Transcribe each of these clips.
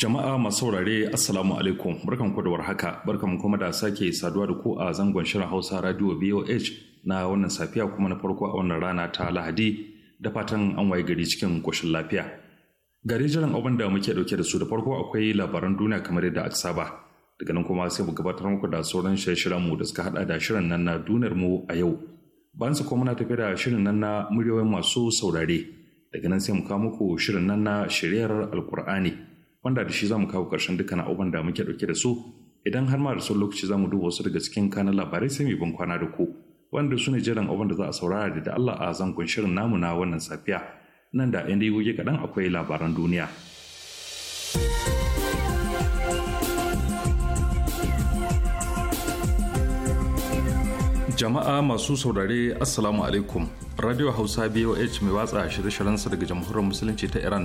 Jama'a masu saurare Assalamu alaikum barkan ku da warhaka barkan kuma da sake saduwa da ku a zangon shirin Hausa Radio B.O.H na wannan safiya kuma na farko a wannan rana ta Lahadi da fatan an waye gari cikin koshin lafiya. Gari jiran abin da muke dauke da su da farko akwai labaran duniya kamar yadda aka saba. Daga nan kuma sai mu gabatar muku da sauran shirye-shiryen mu da suka hada da shirin nan na duniyar mu a yau. Bayan su kuma muna tafi da shirin nan na muryoyin masu saurare. Daga nan sai mu kawo muku shirin nan na shiryar Alkur'ani. wanda da shi za mu kawo ƙarshen dukkan abubuwan da muke ɗauke da su idan har ma da son lokaci za mu duba wasu daga cikin kanan labarai sai mu bin kwana da ku wanda su ne jiran abubuwan da za a saurara da da Allah a zangon shirin namu na wannan safiya nan da yan goge kadan akwai labaran duniya. Jama'a masu saurare Assalamu alaikum Radio Hausa BOH mai watsa shirye-shiryensa daga Jamhuriyar Musulunci ta Iran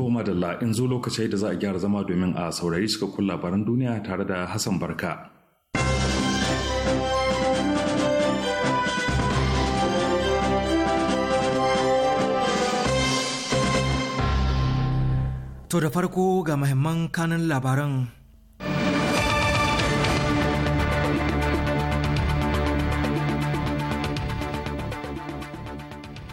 To madalla in zo lokacin da za a gyara zama domin a saurari cikakkun labaran duniya tare da Hassan Barka. To da farko ga mahimman kanan labaran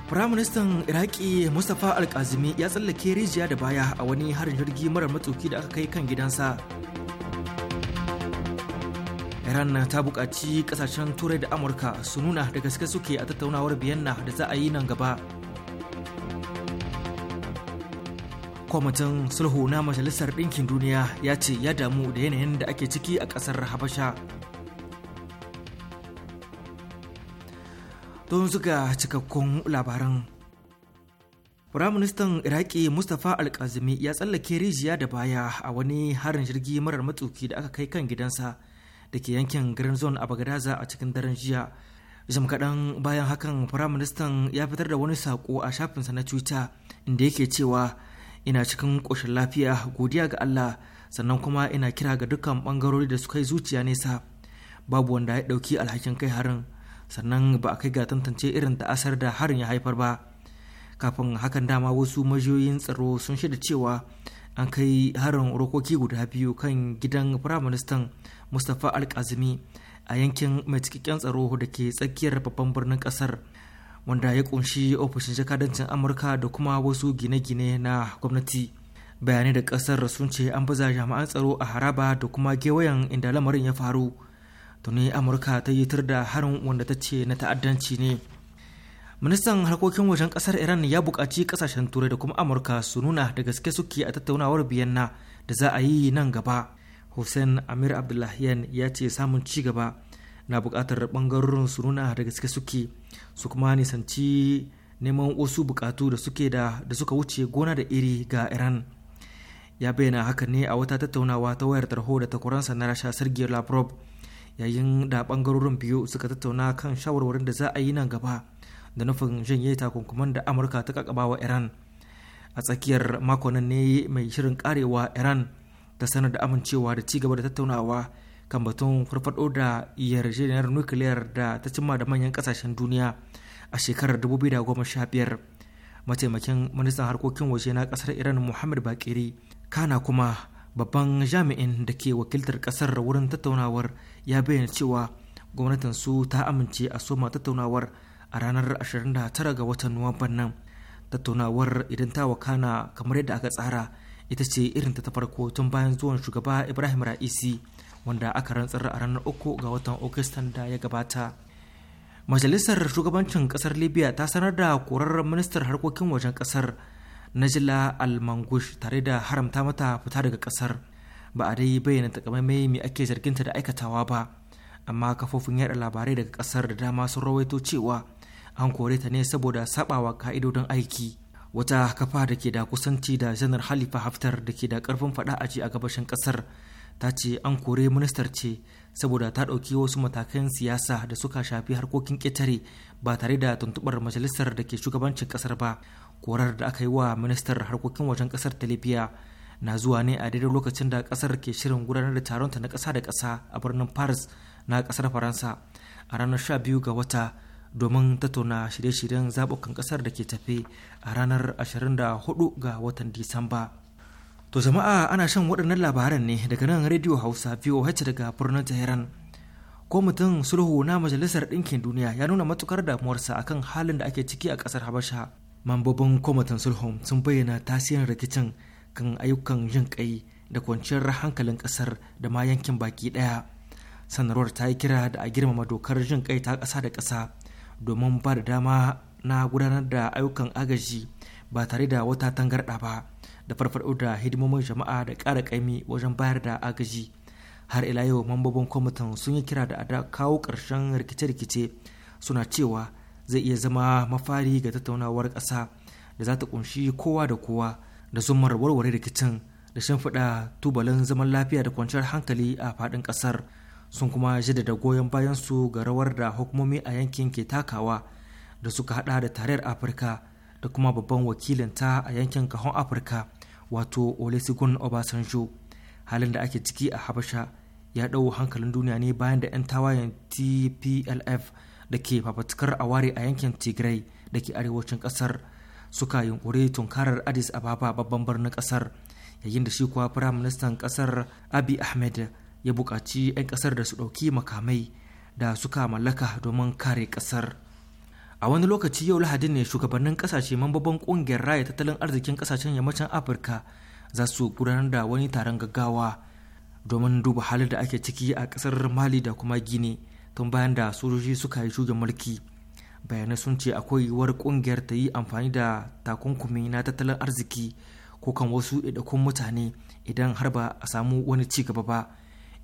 Firaministan Iraki Mustapha Alkazimi ya tsallake rijiya da baya a wani harin jirgi mara matuki da aka kai kan gidansa. Iran ta buƙaci ƙasashen Turai da Amurka su nuna da gaske suke a tattaunawar Biyanna da za a yi nan gaba. Kwamitin sulhu na Majalisar Ɗinkin Duniya ya ce ya damu da yanayin da ake ciki a ƙasar Habasha. don zuga cikakkun labaran Firaministan Iraki Mustapha Alkazimi ya tsallake rijiya da baya a wani harin jirgi marar matsuki da aka kai kan gidansa da ke yankin Green Zone a Bagadaza a cikin daren jiya. Jim kaɗan bayan hakan Firaministan ya fitar da wani saƙo a shafinsa na Twitter inda yake cewa ina cikin ƙoshin lafiya godiya ga Allah sannan kuma ina kira ga dukkan ɓangarori da suka yi zuciya nesa babu wanda ya ɗauki alhakin kai harin sannan ba a kai ga tantance irin ta'asar da harin ya haifar ba kafin hakan dama wasu majiyoyin tsaro sun shaida cewa an kai harin rokoki guda biyu kan gidan firaministan mustapha alkazimi a yankin mai cikakken tsaro da ke tsakiyar babban birnin kasar wanda ya kunshi ofishin jakadancin amurka da kuma wasu gine-gine na gwamnati bayanai da kasar sun ce an baza jami'an tsaro a haraba da kuma gewayen inda lamarin ya faru tuni amurka ta yi tur da harin wanda ta ce na ta'addanci ne ministan harkokin wajen kasar iran ya buƙaci kasashen turai da kuma amurka su nuna da gaske suke a tattaunawar biyanna da za a yi nan gaba hussein amir abdullahian ya ce samun ci gaba na buƙatar bangarorin su nuna da gaske suke su kuma nisanci neman wasu buƙatu da suke da da suka wuce gona da iri ga iran ya bayyana haka ne a wata tattaunawa ta wayar tarho da takwaransa na rasha sergei lavrov yayin da bangarorin biyu suka tattauna kan shawarwarin da za a yi nan gaba da nufin janye takunkuman da amurka ta kakabawa iran a tsakiyar makonan ne mai shirin karewa iran ta sanar da amincewa da cigaba da tattaunawa kan batun farfado da yarjejeniyar nukiliyar da ta cimma da manyan kasashen duniya a shekarar 2015 mataimakin ministan harkokin waje na kasar iran muhammad bakiri kana kuma babban jami'in da ke wakiltar kasar wurin tattaunawar ya bayyana cewa gwamnatin su ta amince a soma tattaunawar a ranar 29 ga watan nuwamban nan tattaunawar idan ta wakana kamar yadda aka tsara ita ce irin ta farko tun bayan zuwan shugaba ibrahim ra'isi wanda aka rantsar a ranar 3 ga watan agustan da ya gabata majalisar shugabancin kasar libya ta sanar da korar ministar harkokin wajen kasar najila almangush tare da haramta mata fita daga kasar ba a dai bayyana takamaimai mai ake zarginta da aikatawa ba amma kafofin yada labarai daga kasar da dama sun rawaito cewa an kore ta ne saboda sabawa ka'idodin aiki wata kafa da ke da kusanci da janar halifa haftar da ke da karfin fada a ji a gabashin kasar ta ce an kore ministar ce saboda ta ɗauki wasu matakan siyasa da suka shafi harkokin ƙetare ba tare da tuntuɓar majalisar da ke shugabancin ƙasar ba korar da aka yi wa ministar harkokin wajen kasar ta libya na zuwa ne a daidai lokacin da kasar ke shirin gudanar da taronta na kasa da kasa a birnin paris na kasar faransa a ranar 12 ga wata domin tattauna shirye-shiryen zaɓukan kasar da ke tafe a ranar 24 ga watan disamba to jama'a ana shan waɗannan labaran ne daga nan rediyo hausa voh daga birnin tehran kwamitin sulhu na majalisar ɗinkin duniya ya nuna matukar damuwarsa akan halin da ake ciki a ƙasar habasha mambobin kwamitin sulhun sun bayyana tasirin rikicin kan ayyukan yin kai da kwanciyar hankalin kasar da ma yankin baki daya sanarwar ta yi kira da a girmama dokar yin kai ta kasa da kasa domin ba da dama na gudanar da ayyukan agaji ba tare da wata tangarɗa ba da farfaɗo da hidimomin jama'a da ƙara ƙaimi wajen bayar da agaji har ila yau mambobin kwamitin sun yi kira da a kawo ƙarshen rikice-rikice suna cewa zai iya zama mafari ga tattaunawar ƙasa da za ta kunshi kowa da kowa da zumar warware rikicin da shimfiɗa tubalin zaman lafiya da kwanciyar hankali a faɗin ƙasar sun kuma jaddada goyon bayansu ga rawar da hukumomi a yankin ke takawa da suka hada da tarayyar afirka da kuma babban wakilinta a yankin kahon afirka wato olusegun obasanjo halin da ake ciki a habasha ya ɗau hankalin duniya ne bayan da 'yan tawayen tplf da ke fafatukar aware a yankin tigray da ke arewacin kasar suka yunkuri tunkarar addis ababa babban birnin kasar yayin da shi kuwa firaministan kasar abi ahmed ya bukaci 'yan kasar da su ɗauki makamai da suka mallaka domin kare kasar a wani lokaci yau lahadin ne shugabannin kasashe mambaban ƙungiyar raya tattalin arzikin kasashen yammacin afirka za su gudanar da wani taron gaggawa domin duba halin da ake ciki a kasar mali da kuma gini tun bayan da sojoji suka yi shugin mulki bayanai sun ce akwai yiwuwar kungiyar ta yi amfani da takunkumi na tattalin arziki ko kan wasu idakun mutane idan har ba a samu wani ci gaba ba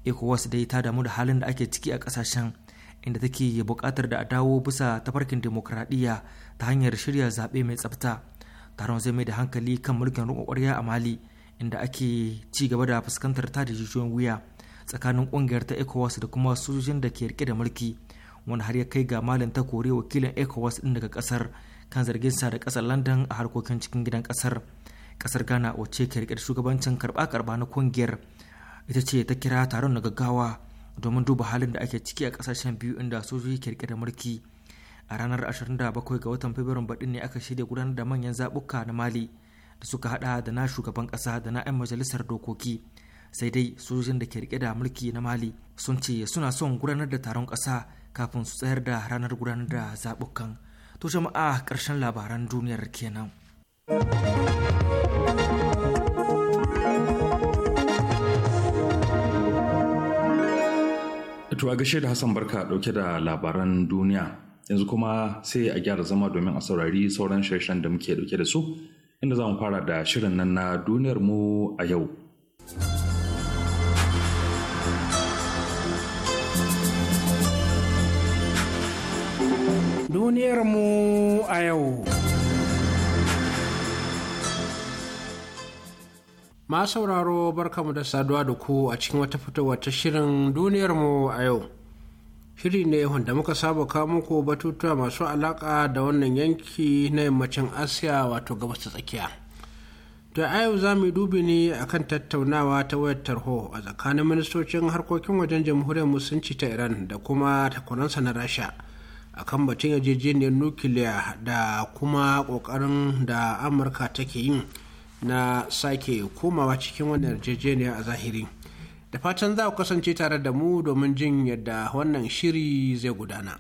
ecowas dai ta damu da halin da ake ciki a kasashen inda take buƙatar da a dawo bisa tafarkin demokradiyya ta hanyar shirya zaɓe mai tsafta taron zai mai da hankali kan mulkin rukun ƙwarya a mali inda ake ci gaba da fuskantar ta da jijiyoyin wuya tsakanin kungiyar ta ecowas da kuma sojojin da ke rike da mulki wanda har ya kai ga malin ta kore wakilin ecowas din daga kasar kan zargin sa da kasar london a harkokin cikin gidan kasar kasar ghana wacce ke rike da shugabancin karba karba na kungiyar ita ce ta kira taron na gaggawa domin duba halin da ake ciki a kasashen biyu inda sojoji ke rike da mulki a ranar 27 ga watan fabrairun baɗin ne aka shirya gudanar da manyan zabuka na mali da suka hada da na shugaban kasa da na 'yan majalisar dokoki sai dai sojojin da ke rike da mulki na mali sun ce suna son gudanar da taron ƙasa kafin su tsayar da ranar gudanar da zaɓukan to jama'a ƙarshen labaran duniyar kenan to a gashe da hassan barka dauke da labaran duniya yanzu kuma sai a gyara zama domin a saurari sauran shirshen da muke dauke da su inda za mu fara da shirin nan na duniyar mu a yau. Duniyarmu a yau. Ma sauraro barkamu da saduwa da ku a cikin wata fitowa ta shirin duniyar mu a yau. Shiri ne wanda muka saba kawo muku batutuwa masu alaƙa da wannan yanki na yammacin Asiya wato gabas ta tsakiya. To a yau za mu dubi ne akan tattaunawa ta wayar tarho a tsakanin ministocin harkokin wajen jamhuriyar musulunci ta Iran da kuma takwaransa na Rasha. akan batun yarjejeniyar nukiliya da kuma kokarin da amurka take yin na sake komawa cikin wannan yarjejeniya a zahiri da fatan za ku kasance tare da mu domin jin yadda wannan shiri zai gudana.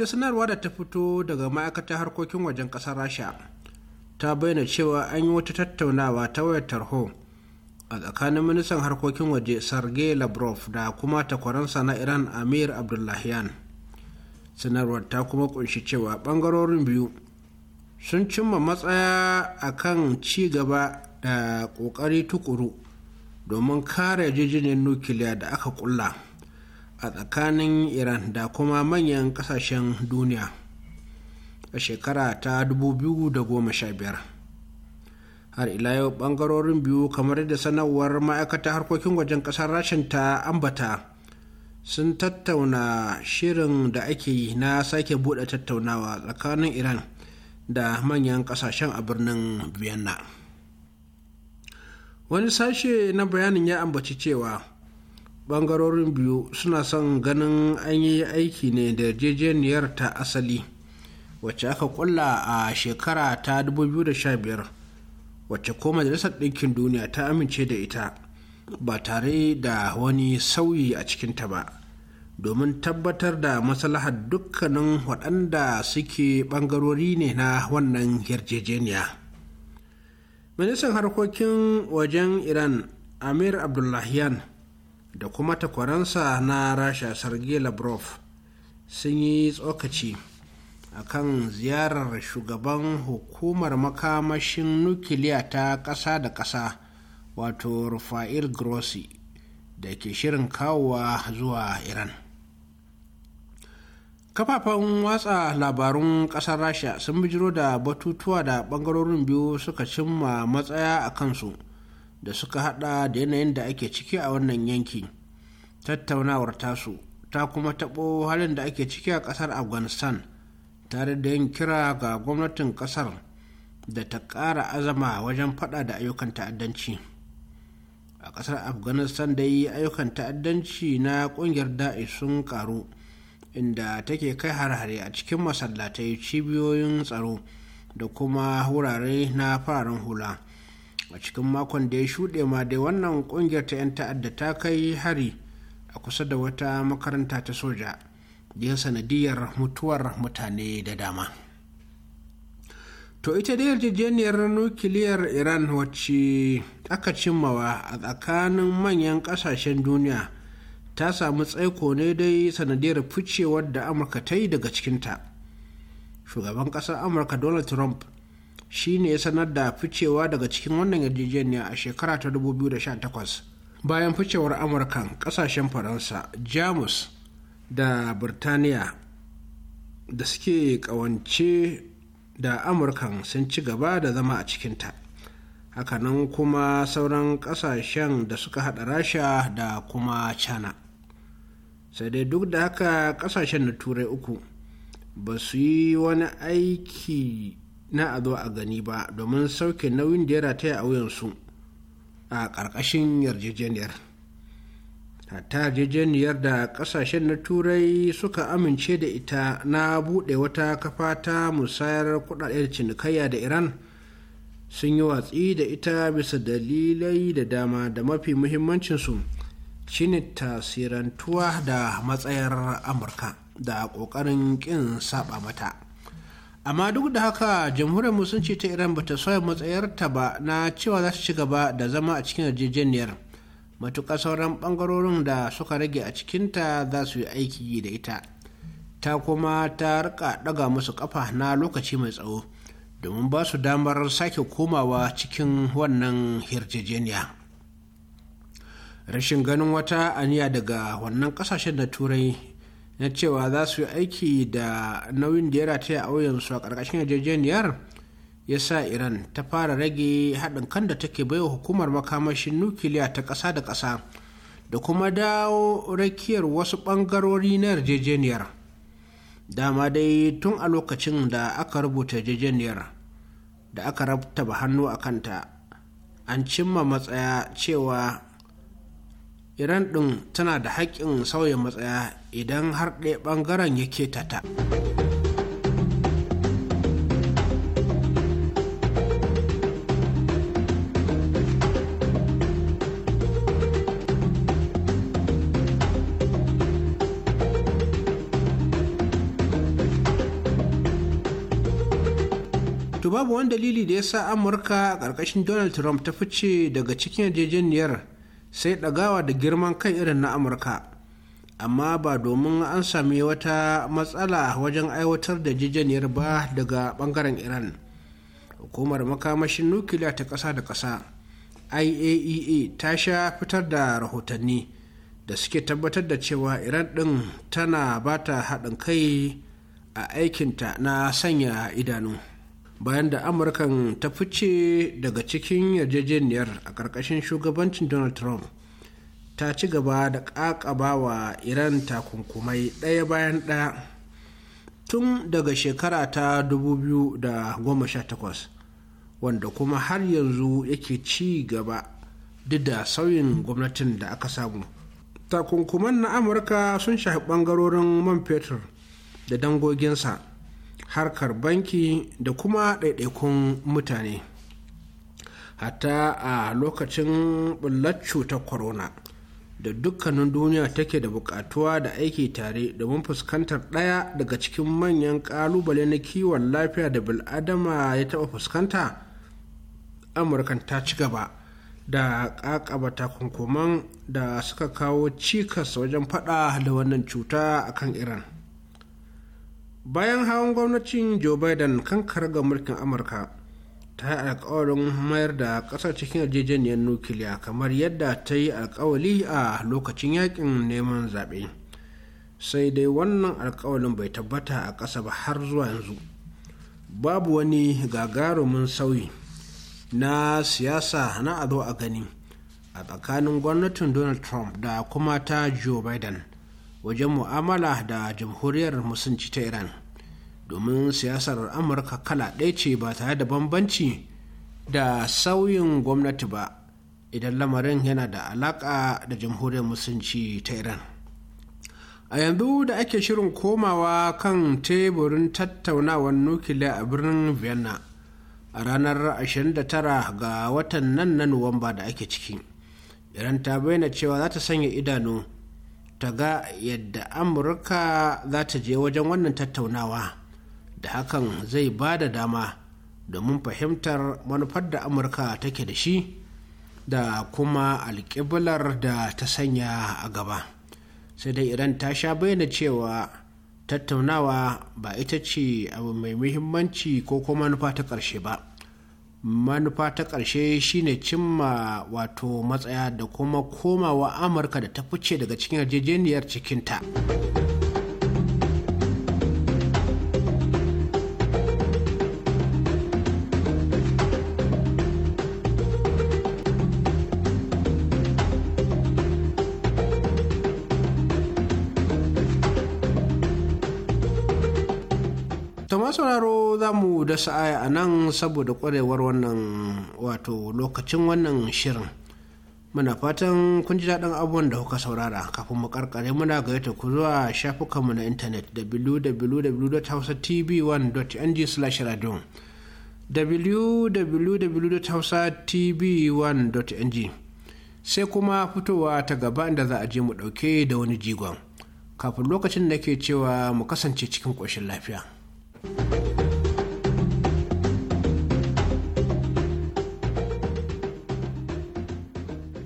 wata sanarwa da ta fito daga ma'aikatar harkokin wajen ƙasar rasha ta bayyana cewa an yi wata tattaunawa ta wayar tarho a tsakanin ministan harkokin waje sergei lavrov da kuma takwaransa na iran amir abdullahian sanarwar ta kuma kunshi cewa bangarorin biyu sun cimma matsaya a kan gaba da ƙoƙari tukuru domin kare jijinin nukiliya da aka ƙulla. a tsakanin iran da kuma manyan kasashen duniya a shekara ta 2015 har ila yau bangarorin biyu kamar da sanarwar ma'aikatar harkokin wajen kasar rashin ta ambata sun tattauna shirin da ake yi na sake buɗe tattaunawa tsakanin iran da manyan kasashen a birnin vienna wani sashe na bayanin ya ambaci cewa bangarorin biyu suna son ganin an yi aiki ne da yarjejeniyar ta asali wacce aka kulla a shekara ta 2015 wacce ko majalisar ɗinkin duniya ta amince da ita ba tare da wani sauyi a cikinta ba domin tabbatar da maslahar dukkanin waɗanda suke ɓangarori ne na wannan yarjejeniya ministan harkokin wajen iran amir abdullahian da kuma takwaransa na rasha sergei lavrov sun yi tsokaci a kan ziyarar shugaban hukumar makamashin nukiliya ta ƙasa da ƙasa wato rufa'il grossi da ke shirin kawowa zuwa iran kafafen watsa labarun ƙasar rasha sun bijiro da batutuwa da ɓangarorin biyu suka cimma matsaya a kansu da suka hada da yanayin da ake ciki a wannan yanki tattaunawar tasu ta kuma taɓo halin da ake ciki a ƙasar afghanistan tare da yin kira ga gwamnatin ƙasar da ta ƙara azama wajen faɗa da ayyukan ta'addanci a ƙasar afghanistan dai ayyukan ta'addanci na ƙungiyar da'i sun ƙaru inda take kai har-hare a cikin masallatai cibiyoyin tsaro da kuma wurare na fararen hula. a cikin makon da ya shuɗe ma dai wannan ƙungiyar ta 'yan ta'adda ta kai hari a kusa da wata makaranta ta soja da ya sanadiyar mutuwar mutane da dama to ita dai yarjejeniyar nukiliyar iran wacce aka cimmawa a tsakanin manyan ƙasashen duniya ta samu tsaiko ne dai sanadiyar ficewar da amurka ta yi daga cikinta shugaban ƙasar amurka donald trump shi ne ya sanar da ficewa daga cikin wannan yarjejeniya a shekara ta 2018 bayan ficewar amurkan kasashen faransa jamus da birtaniya da suke kawance da amurkan sun ci gaba da zama a cikinta hakanan kuma sauran kasashen da suka hada rasha da kuma china sai dai duk da haka kasashen na turai uku ba su yi wani aiki na a zo a gani ba domin sauke nauyin da ya rataya a wuyansu a ƙarƙashin yarjejeniyar hatta yarjejeniyar da ƙasashen na turai suka amince da ita na buɗe wata kafa ta musayar kuɗaɗen cinikayya da iran sun yi watsi da ita bisa dalilai da dama da mafi muhimmancinsu shine tasirantuwa da matsayar amurka da ƙoƙarin ƙin saba mata amma duk da haka jamhuriyar musulunci ta iran bata soya matsayarta ba na cewa za su ci gaba da zama a cikin yarjejeniyar matuƙa sauran ɓangarorin da suka rage a cikinta za su yi aiki da ita ta kuma ta rika ɗaga musu ƙafa na lokaci mai tsawo domin ba su damar sake komawa cikin wannan yarjejeniya rashin ganin wata aniya daga wannan ƙasashen da turai na cewa za su yi aiki da nauyin da ya rataya a wuyansu a ƙarƙashin yarjejeniyar ya sa iran ta fara rage haɗin kan da take baiwa hukumar makamashin nukiliya ta ƙasa da ƙasa da kuma dawo rakiyar wasu ɓangarori na yarjejeniyar dama dai tun a lokacin da aka rubuta yarjejeniyar da aka rabtaba hannu a kanta an cimma matsaya cewa iran ɗin tana da haƙƙin sauya matsaya idan har ɗaya ɓangaren ya ta. to babu wani dalili da ya sa amurka ƙarƙashin donald trump ta fice daga cikin yarjejeniyar sai ɗagawa da girman kan irin na amurka amma ba domin an sami wata matsala wajen aiwatar da jijiyar ba daga bangaren iran hukumar makamashin nukiliya ta ƙasa da ƙasa iaea e ta sha fitar da rahotanni da suke tabbatar da cewa iran ɗin tana ba ta haɗin kai a aikinta na sanya idanu bayan da amurkan ta fice daga cikin yarjejeniyar a ƙarƙashin shugabancin donald trump ta ci gaba da kakaba wa iran takunkumai ɗaya bayan ɗaya tun daga shekara ta 2018 wanda kuma har yanzu yake ci gaba duk da sauyin gwamnatin da aka samu takunkuman na amurka sun shafi ɓangarorin man fetur da dangoginsa harkar banki da kuma ɗaiɗaikun mutane hatta a lokacin bullar cutar corona da dukkanin duniya take da bukatuwa da aiki tare domin fuskantar ɗaya daga cikin manyan ƙalubale na kiwon lafiya da bil'adama ya taɓa fuskanta amurkan ta ci gaba da ƙaƙaba takunkuman da suka kawo cikas wajen faɗa da wannan cuta a kan iran bayan hawan gwamnatin joe biden kan ga mulkin amurka ta yi alkawarin mayar da ƙasar cikin yarjejeniyar nukiliya kamar yadda ta yi alkawali a lokacin yakin neman zaɓe sai dai wannan alkawalin bai tabbata a ƙasa ba har zuwa yanzu babu wani gagarumin sauyi na siyasa na a zo a gani a tsakanin gwamnatin donald trump da kuma ta joe biden wajen mu'amala da jamhuriyar musulunci ta iran domin siyasar amurka kala ɗaya ce ba tare da bambanci da sauyin gwamnati ba idan lamarin yana da alaƙa da jamhuriyar musulunci ta iran a yanzu da ake shirin komawa kan teburin tattaunawar nukiliya a birnin vienna a ranar 29 ga watan nan na nuwamba da ake ciki iran ta bayyana cewa za ta sanya idanu ta ga yadda amurka za ta je wajen wannan tattaunawa da hakan zai ba da dama domin fahimtar manufar da amurka take da shi da kuma alƙiblar da ta sanya a gaba sai dai iran ta sha bayyana cewa tattaunawa ba ita ce abu mai muhimmanci ko kuma manufa ta ƙarshe ba manufa ta ƙarshe shine cimma wato matsaya da kuma komawa amurka da ta fice daga cikin yarjejeniyar cikinta da sa'aya a nan saboda kwarewar wannan wato lokacin wannan shirin muna fatan kun ji daɗin abubuwan da kuka saurara kafin mu karkare muna gayyata ku zuwa shafukanmu na intanet www.hausatv1.ng/radio www.hausatv1.ng sai kuma fitowa ta gaba inda za a je mu ɗauke da wani jigon kafin lokacin da ke cewa mu kasance cikin koshin lafiya. thank you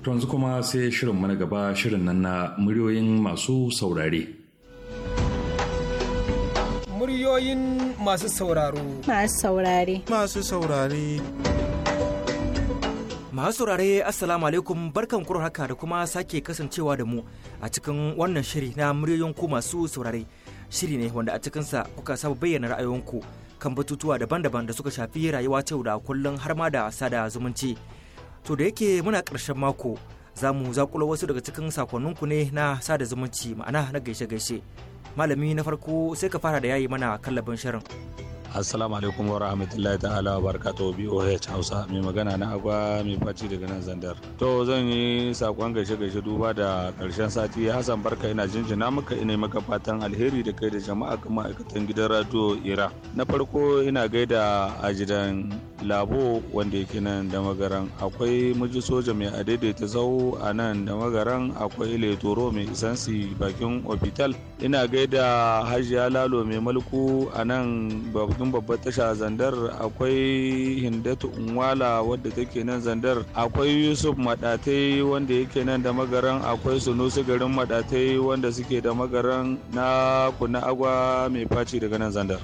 To yanzu kuma sai shirin mana gaba shirin nan na muryoyin masu saurare. Muryoyin masu sauraro. Masu saurare. Masu saurare. Masu saurare Assalamu alaikum barkan kuro haka da kuma sake kasancewa da mu a cikin wannan shiri na muryoyin ku masu saurare. Shiri ne wanda a cikinsa kuka saba bayyana ra'ayoyinku kan batutuwa daban-daban da suka shafi rayuwa ta da kullum har ma da sada zumunci. To da yake muna karshen mako za mu zakulo wasu daga cikin sakonninku ne na sada zumunci ma'ana na gaishe-gaishe. Malami na farko sai ka fara da yayi mana kallabin shirin. assalamu alaikum wa rahmatullahi ta'ala wa barakatuhu boh hausa mai magana na agwa mai faci daga nan zandar to zan yi sakon gaishe gaishe duba da karshen sati hassan barka ina jinjina maka ina maka fatan alheri da kai da jama'a kuma ma'aikatan gidan radio ira na farko ina gaida a gidan labo wanda yake nan da magaran akwai miji soja mai adaidaita zau a nan da magaran akwai letoro mai isansi bakin ofital ina gaida hajiya lalo mai mulku a nan cikin babbar tasha zandar akwai hindatu unwala wadda take nan zandar akwai yusuf madatai wanda yake nan da magaran akwai sunusu garin madatai wanda suke da magaran na kuna agwa mai faci daga nan zandar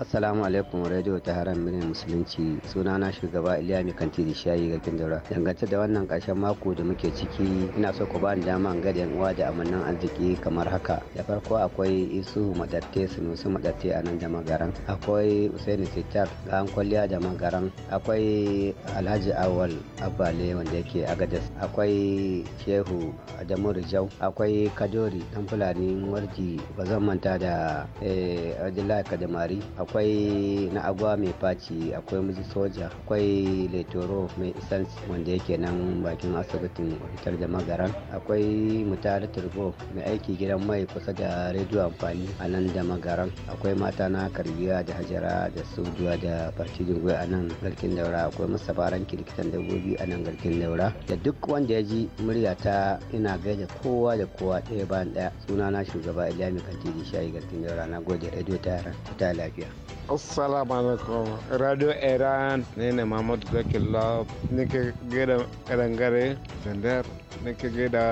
assalamu alaikum radio ta haram mini musulunci suna na shugaba iliya mai kanti da shayi ga kindura dangance da wannan karshen mako da muke ciki ina so ku bani dama in gada uwa da amannan arziki kamar haka da farko akwai isu madatte sunusu madatte a nan da magaran akwai usaini sittar an kwalliya da magaran akwai alhaji awal abale wanda yake agadas akwai shehu adamu rijau akwai kadori dan fulani warji ba zan manta da eh, abdullahi kadamari akwai na agwa mai faci akwai miji soja akwai letoro mai isan wanda yake nan bakin asibitin fitar da magaran akwai mutare turbo mai aiki gidan mai kusa da rediyo amfani a nan da magaran akwai mata na karbiya da hajara da sojuwa da farcijin gwai a nan garkin daura akwai masa baran kirkitan dabbobi a nan garkin daura da duk wanda ya ji murya ta ina gaida kowa da kowa ɗaya bayan ɗaya sunana shugaba ilyami kantiri shayi garkin daura na gode rediyo ta yaran ta lafiya assalamu alaikum radio iran ne ne mahmud zaki love nake gida karangare zandar nake gida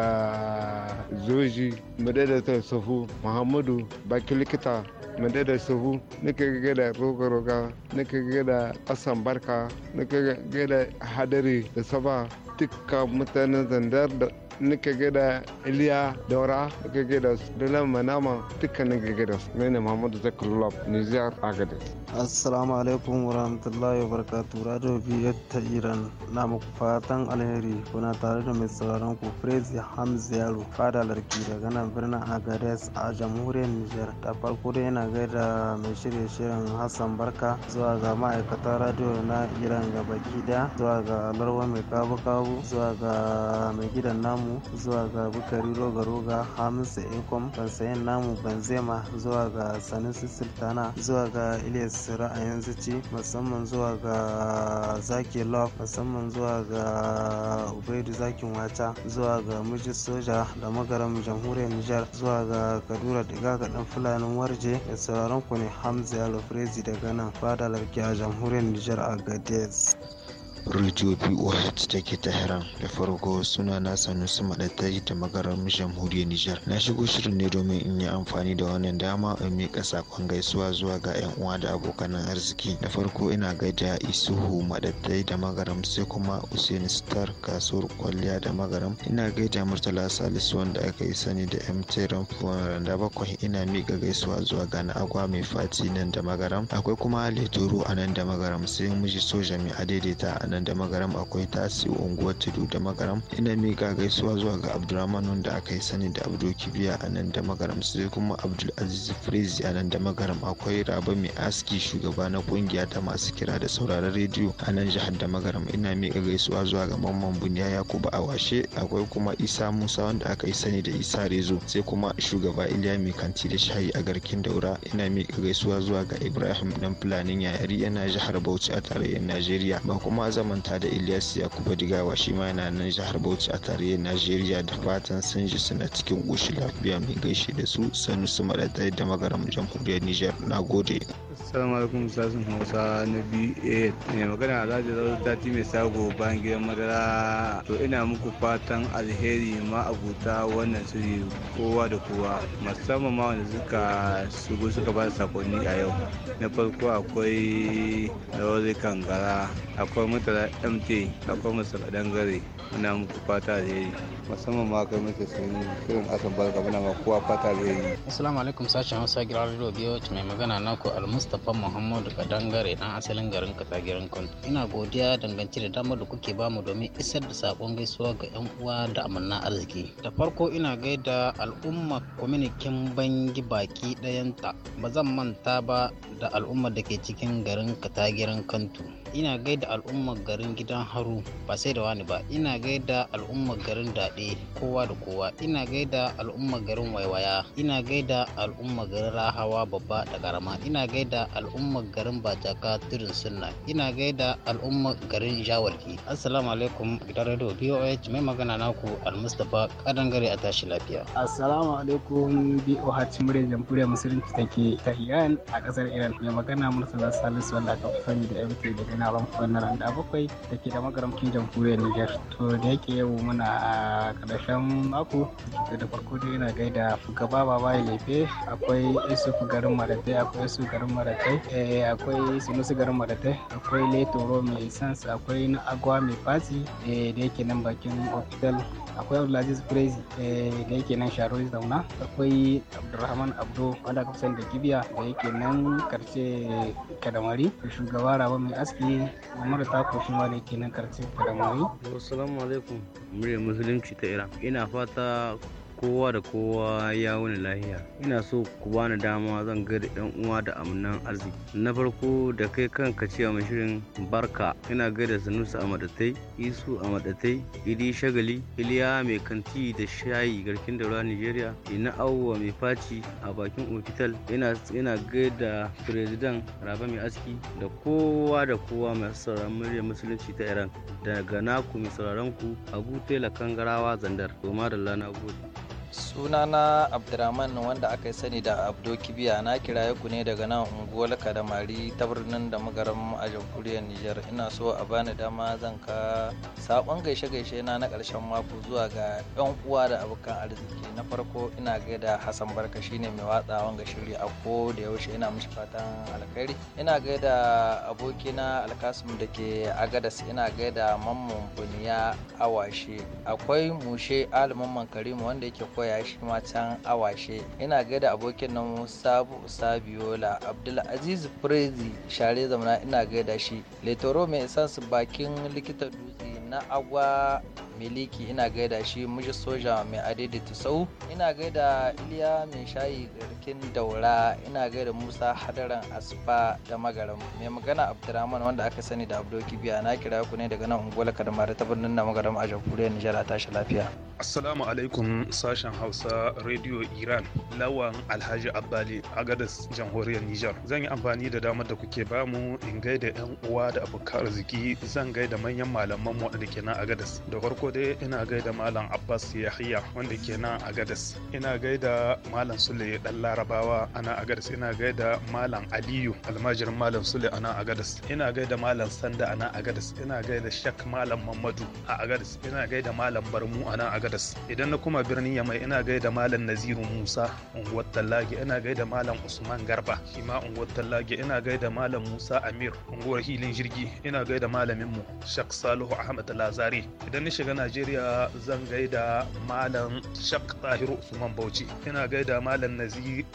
zoji ta sufu muhammadu baki likita madadar suhu nake gida roga-roga nake gida asan barka nake gida hadari da saba dukkan mutanen zandar da nika gida iliya daura nika gada dole manama dukkan nika gada su ne ne muhammadu zakarulab nijar agadez assalamu alaikum warahmatullahi wabarakatuh radio biyar ta iran na muku fatan alheri kuna tare da mai sauraron ku prezi hamza yaro fada larki daga nan birnin agares a jamhuriyar niger da farko dai yana gaida mai shirye shirin hassan barka zuwa ga ma'aikatan radio na iran ga baki da zuwa ga larwa mai kabu kabu zuwa ga mai gidan namu zuwa ga bukari roga roga hamisa ekom ban namu benzema zuwa ga sanusi sultana zuwa ga ilyas masu ra'ayin zuci musamman zuwa ga zaki love musamman zuwa ga ubaidu zakin wata zuwa ga mijin soja da magaram jamhuriyar nijar zuwa ga kadura diga ga dan fulanin warje da sauraron ku ne hamza alfrezi daga nan fadalar a jamhuriyar nijar a gades Radio BOH take Tehran da farko suna na Sanusi Madatai da magaran jamhuriyar Nijar. Na shigo shirin ne domin in yi amfani da wannan dama in miƙa sakon gaisuwa zuwa ga 'yan uwa da abokan arziki. Da farko ina gaida Isuhu Madatai da magaram sai kuma Usaini Star kasuwar kwalliya da magaram. Ina gaida Murtala Salisu wanda aka yi sani da MT Ramfuwan Randa bakwai ina miƙa gaisuwa zuwa ga na agwa mai fati nan da magaram. Akwai kuma Ali Turu a nan da magaram sai miji soja mai adaidaita a nan da magaram akwai tasi unguwar tudu da magaram ina miƙa gaisuwa zuwa ga abdulrahman wanda aka yi sani da abdul kibiya a nan da magaram sai kuma abdul aziz frezi a nan da magaram akwai raba mai aski shugaba na kungiya ta masu kira da sauraron rediyo a nan jihar da magaram ina miƙa gaisuwa zuwa ga mamman bunya yakubu a washe akwai kuma isa musa wanda aka yi sani da isa rezo sai kuma shugaba iliya mai kanti da shayi a garkin daura ina miƙa gaisuwa zuwa ga ibrahim dan fulanin yayari yana jihar bauchi a tarayyar najeriya ba kuma manta da Ilyas Yakubu Digawa shi ma yana nan jihar Bauchi a tarayyar Najeriya da fatan sun ji suna cikin ƙoshin lafiya mai gaishe da su su Maɗaɗai da magaram jamhuriyar Nijar. Na gode. Assalamu alaikum sassan Hausa na BA mai magana Alhaji ta mai sago bayan gidan madara to ina muku fatan alheri ma abuta wannan shiri kowa da kowa musamman ma wanda suka shigo suka ba sakonni a yau na farko akwai wani kangara akwai mutane Murtala MT a kwamisar a dangare muna muku fata da yayi musamman ma kai muke sun kirin asan barka muna ma kowa fata da yayi. Assalamu alaikum sashen Hausa gidan Radio BOH mai magana ku Almustapha Muhammadu Kadangare dan asalin garin Katagirin Kun. Ina godiya dangance da damar da kuke bamu domin isar da sakon gaisuwa ga yan uwa da amanna arziki. Da farko ina gaida al'umma kwaminikin bangi baki dayanta, ba zan manta ba da al'ummar da ke cikin garin Katagirin Kantu. ina gaida al'ummar garin gidan haru ba sai da wani ba ina gaida al'ummar garin daɗe kowa da kowa ina gaida al'ummar garin waiwaya ina gaida al'ummar garin rahawa babba da karama ina gaida al'ummar garin bajaka turin sunna ina gaida al'ummar garin jawarki assalamu alaikum gidan radio boh mai magana naku almustapha kadan gari a tashi lafiya assalamu alaikum boh muryar jamhuriyar musulunci take ta iyan a ƙasar iran mai magana murtala salisu wanda aka fi sani da mt na rumfar na randa bakwai da ke da magaramcin jamhuriyar Nijar. To da yake yau muna a ƙarshen mako da farko dai na gaida fugaba baba ya lefe akwai isufu garin maratai akwai su garin maratai eh, akwai sunusu garin maratai akwai letoro mai sans akwai na agwa mai fasi eh, da yake nan bakin hospital akwai abdulaziz prezi eh, da yake nan sharo zauna akwai abdulrahman abdo wanda kafsan da gibiya da yake nan karshe kadamari shugaba rabon mai aski ne ta koshi ma kenan ke nan karce da mawai. Assalamu alaikum. Muryar Musulunci ta Iran. Ina fata kowa da kowa ya wani lahiya ina so ku bani dama zan gaida yan uwa da amnan arziki na farko da kai kanka cewa mai shirin barka ina gaida sanusi a madatai isu a madatai idi shagali iliya mai kanti da shayi garkin daura nigeria ina awwa mai faci a bakin ofital ina gaida firezidan raba mai aski da kowa da kowa mai sauraron murya musulunci ta iran daga naku mai sauraron ku abu tela kangarawa zandar to da lana gode sunana abdurrahman wanda aka sani da abdo kibiya na kiraye ku ne daga nan unguwar kadamari ta birnin da magaram a jamhuriyar niger ina so a bani dama zan ka sabon gaishe gaishe na na karshen mako zuwa ga yan uwa da abokan arziki na farko ina gaida hassan barka shine mai watsa ga shiri a ko da yaushe ina mishi fatan alkhairi ina gaida abokina alkasum da ke agadas ina gaida mamman buniya awashe akwai mushe aliman karimu wanda yake koya shi matan awashe ina gaida abokin nan sabu sabiola abdulaziz prezi share zamana ina gaida shi letoro mai isansu bakin likita dutse na agwa miliki ina gaida shi muji soja mai ta sau ina gaida iliya mai shayi garkin daura ina gaida musa hadaran asfa da magaram mai magana abdurrahman wanda aka sani da abdo kibiya na kira ku ne daga nan unguwar kadamare ta birnin na magaram a jamhuriyar nijar a tashi lafiya assalamu alaikum sashen hausa radio iran lawan alhaji abbali gadas jamhuriyar nijar zan yi amfani da damar da kuke bamu in gaida yan uwa da abokan arziki zan gaida manyan malaman mu da ke nan gadas da farko farko dai ina gaida malam abbas yahiya wanda ke nan a gadas ina gaida malam sule dan larabawa ana a gadas ina gaida malam aliyu almajirin malam sule ana a gadas ina gaida malam sanda ana a gadas ina gaida shak malam mamadu a agadas ina gaida malam barmu ana a gadas idan na kuma birnin yamai ina gaida malam naziru musa unguwar tallage ina gaida malam usman garba shi ma unguwar tallage ina gaida malam musa amir unguwar hilin jirgi ina gaida malamin mu shak salihu ahmad lazari idan na shiga najeriya zan gaida malam shak tahiru usman bauchi ina gaida malam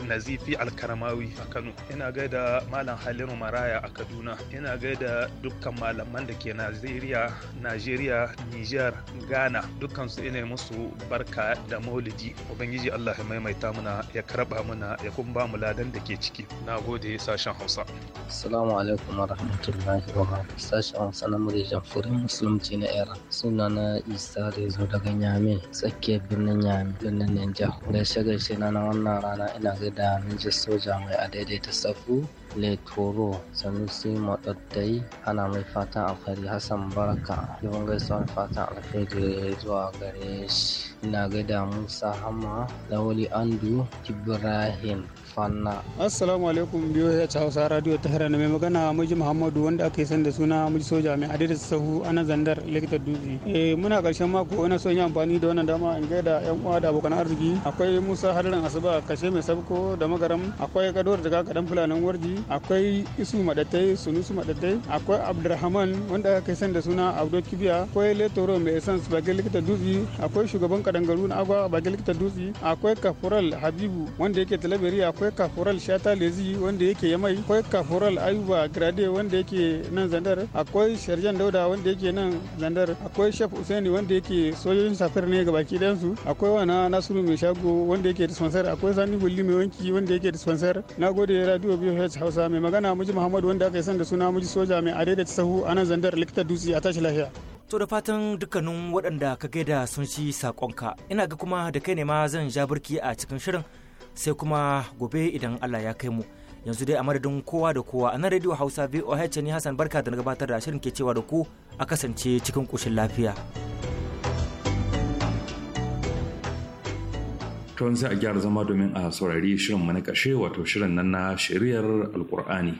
nazifi alkaramawi a kano ina gaida malam halilu maraya a kaduna ina gaida dukkan malaman da ke najeriya najeriya niger ghana dukkan su ina musu barka da maulidi ubangiji allah ya maimaita muna ya karba muna ya kuma ba mu ladan da ke ciki na gode sashen hausa assalamu alaikum wa rahmatullahi wa sashen hausa na murjan furin musulunci na iran suna na Isa da zo daga Nyame tsakiyar birnin Nyame birnin Niger. Gaishe gaishe na na wannan rana ina da Ninja Soja mai a daidaita safu Letoro Sanusi Matsaddai ana mai fatan alfahari Hassan Baraka. Yawan gaisuwar fatan alfahari zuwa gare shi. ina gaida musa hama lawali andu ibrahim fanna assalamu alaikum biyo ya ci hausa radio ta hira mai magana miji muhammadu wanda aka yi san da suna Muji soja mai adida sahu ana zandar likita dutse eh muna karshen mako ina son yi amfani da wannan dama in gaida yan uwa da abokan arziki akwai musa hadarin asuba kashe mai sabko da magaram akwai kadowar daga kadan fulanin warji akwai isu madatai sunusu madatai akwai abdurrahman wanda aka yi san da suna abdul kibiya akwai letoro mai san bagin likitar dutse akwai shugaban kadangaru na agwa a bakin likita dutse akwai kafural habibu wanda yake talabari akwai kafural shata lezi wanda yake yamai akwai kafural ayuba grade wanda yake nan zandar akwai sharjan dauda wanda yake nan zandar akwai shaf usaini wanda yake sojojin safir ne ga baki ɗayansu akwai wana nasiru mai shago wanda yake dispensar akwai sani bulli mai wanki wanda yake dispensar na gode radio bh hausa mai magana muji muhammad wanda aka yi san da suna muji soja mai adaidaita sahu a nan zandar likita dutse a tashi lafiya. To da fatan dukkanin waɗanda ka gaida sun shi saƙonka ina ga kuma da kai ne ma zan ja birki a cikin shirin sai kuma gobe idan Allah ya kai mu. Yanzu dai a madadin kowa da kowa a nan Radio Hausa VOH ni Hassan barka da gabatar da shirin ke cewa da ku a kasance cikin kushin lafiya. Tun sai a gyara zama domin a saurari shirin mana ƙashe wato shirin nan na shiriyar Alƙur'ani.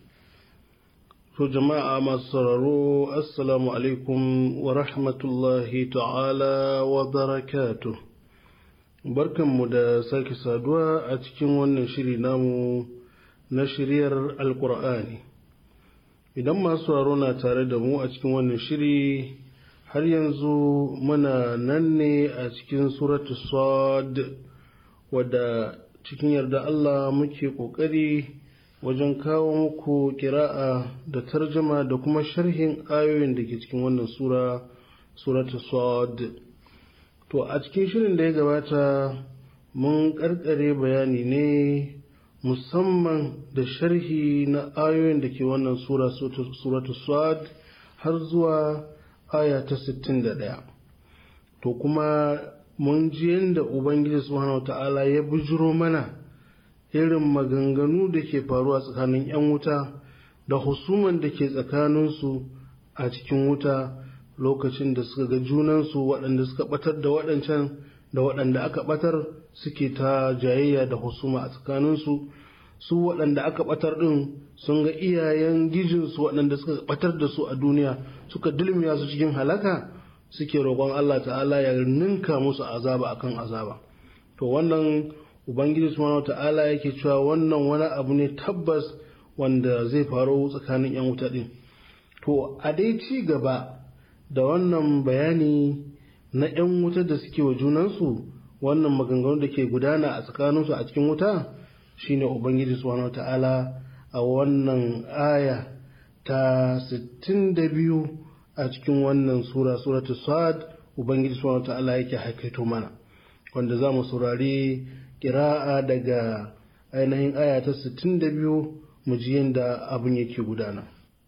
To jama'a masu sauraro, Assalamu alaikum wa rahmatullahi ta'ala wa Barkan Barkanmu da sake saduwa a cikin wannan shiri namu na shiryar Alƙur'ani. Idan masu sauraro na tare da mu a cikin wannan shiri har yanzu muna nan ne a cikin suratu Sad wadda cikin yarda Allah muke ƙoƙari. wajen kawo muku kira'a da tarjama da kuma sharhin ayoyin da ke cikin wannan sura suratu to a cikin shirin da ya gabata mun karkare bayani ne musamman da sharhi na ayoyin da ke wannan sura suratu sad har zuwa aya ta 61 to kuma mun ji yadda ubangiji subhanahu ta'ala ya bujuro mana irin maganganu da ke faruwa tsakanin 'yan wuta da husuman da ke tsakaninsu a cikin wuta lokacin da suka ga junansu waɗanda suka ɓatar da waɗancan da waɗanda aka ɓatar suke ta jayayya da husuma a tsakaninsu su waɗanda aka ɓatar ɗin sun ga iyayen gijinsu waɗanda suka ɓatar da su a duniya suka dulmiya su cikin halaka suke roƙon Allah ta'ala ya ninka musu azaba akan azaba to wannan ubangiji subhanahu ta'ala yake cewa wannan wani abu ne tabbas wanda zai faru tsakanin yan wuta din to a dai ci gaba da wannan bayani na yan wuta da suke wa junansu wannan maganganu da ke gudana a tsakaninsu a cikin wuta shine ubangiji subhanahu ta'ala a wannan aya ta 62 a cikin wannan sura suratul sad ubangiji subhanahu ta'ala yake haikaito mana wanda za mu saurari kira'a daga ainihin aya ta 62 mu ji yadda abin yake gudana.